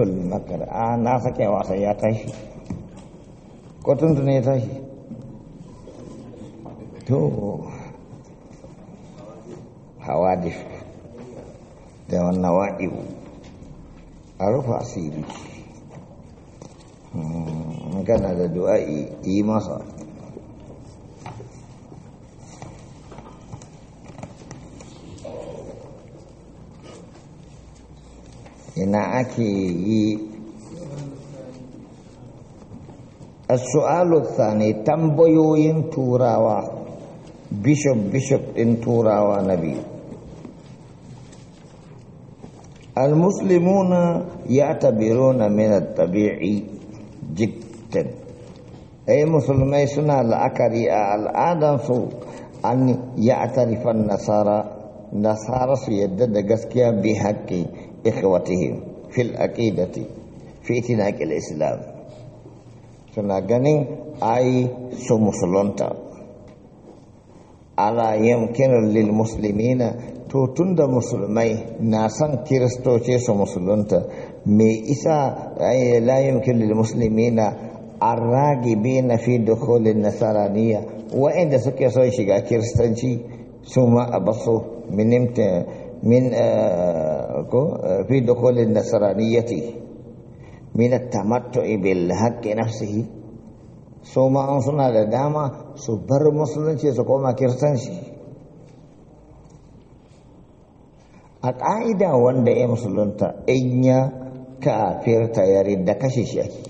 tolli a ah, na sake wasa ya tashi ko tun tuntun ya tashi to hawadif da wannan hmm, wa'ibu a rufe asiri magana da du'a'i yi masa ina ake yi as-su'alu ne tambayoyin turawa bishop bishop din turawa na biyu al-muslimuna ya tabiruna min at-tabi'i jiddan ai musulmai suna la'akari a al'adansu an ya tarifan nasara nasara su yadda da gaskiya bi haƙƙi ikhwatihim fil aqidati fi itinaqil islam suna ganin ai su musulunta ala yamkin lil muslimina to tunda musulmai na son kiristoci su musulunta me isa la yamkin lil muslimina arragibina fi dukhulin nasaraniya wa'inda suke son shiga kiristanci su ma a basu minimta min eh, ko eh, fi dukhulin nasraniyati min at-tamattu'i bil haqqi nafsihi so ma an suna da dama su bar musulunci su koma kiristanci a ƙa'ida wanda ya musulunta in ya kafirta ya da kashe shi ake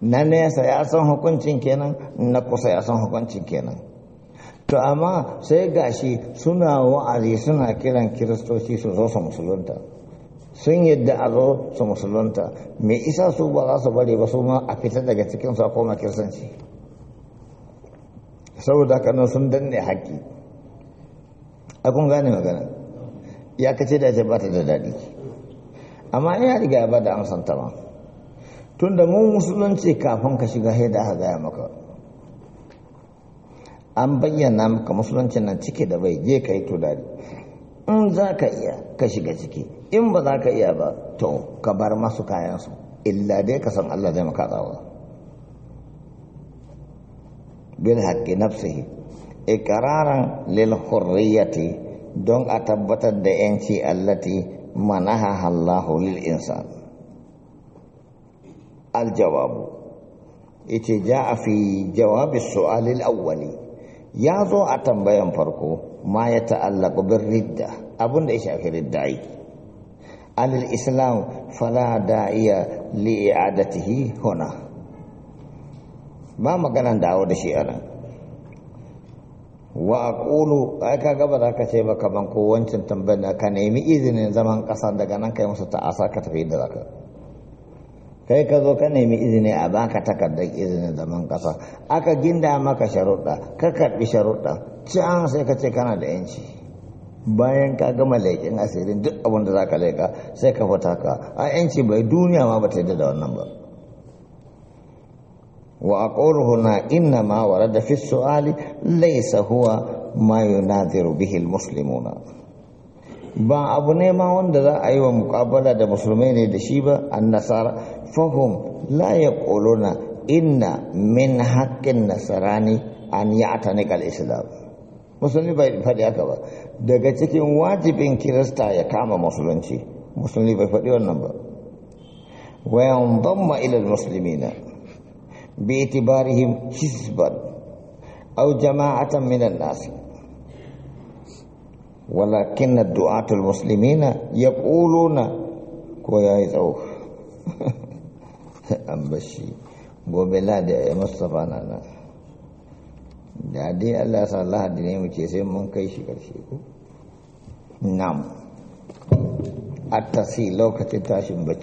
na nesa ya san hukuncin kenan na kusa ya san hukuncin kenan to amma sai gashi suna wa'azi suna kiran kiristoci su zo su musulunta sun yadda a zo su musulunta me isa su ba za su bari ba su ma a fita daga cikin su a koma kiristanci saboda kanan sun danne haƙƙi a kun gane magana ya kace da ce ba ta da daɗi amma ya riga ya ba da amsanta ma tunda mun musulunci kafin ka shiga haida aka gaya maka an bayyana maka musulunci nan ciki da bai je ka yi tunani in za ka iya ka shiga ciki in ba za ka iya ba to ka bar masu kayansu illa dai ka san Allah zai maka tsawa bil haqqi nafsihi iqraran lil hurriyati don a tabbatar da yanci allati manaha Allahu lil insan al jawabu ita a fi jawabi su'alil awwali ya zo a tambayan farko ma ya ta'allaka bin ridda abin da ya shafi ridda yi anil islam fala da'iya li i'adatihi huna ba maganan dawo da shi anan wa aqulu ai ka gaba za ka ce ba kaman ko wancan tambayar ka nemi izinin zaman ƙasa daga nan kai musu ta'asa ka tafi da zaka kai ka zo ka nemi izini a baka takardar izinin zaman kasa aka ginda maka sharuɗa ka karɓi sharuɗa can sai ka ce kana da yanci bayan ka gama leƙin asirin duk abin da za ka leƙa sai ka fita ka a yanci bai duniya ma ba ta yadda da wannan ba wa aqulu na inna ma warada fi su'ali laysa huwa ma yunadhiru bihi ba abu ne ma wanda za a yi wa mukabala da musulmai ne da shi ba an nasara fahum la yaquluna inna min haqqin nasarani an ya'tanika al-islam musulmi bai faɗi haka ba daga cikin wajibin kirista ya kama musulunci musulmi bai faɗi wannan ba wa yanzamma ila al-muslimina bi itibarihim hizban aw jama'atan min an-nas Ya kuluna ko ya yi tsawo? ambashi gobe ladi a mustapha na nan da dai allah sa lahadi ne mu ce sai mun kai shi karshe ko nam a tasi lokacin tashin bacci